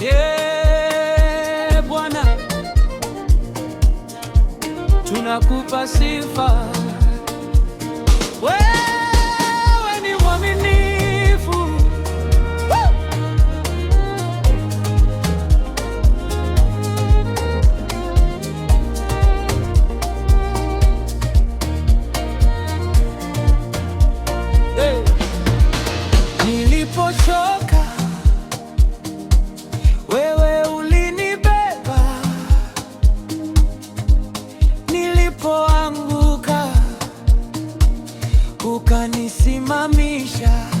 Yeah, Bwana tunakupa sifa, wewe ni mwaminifu. Woo! Hey. kukanisimamisha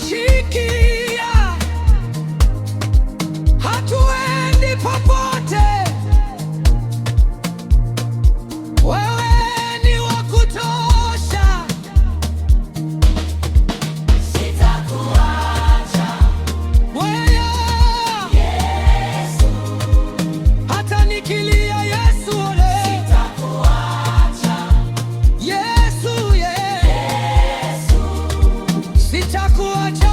she keeps. Takuacha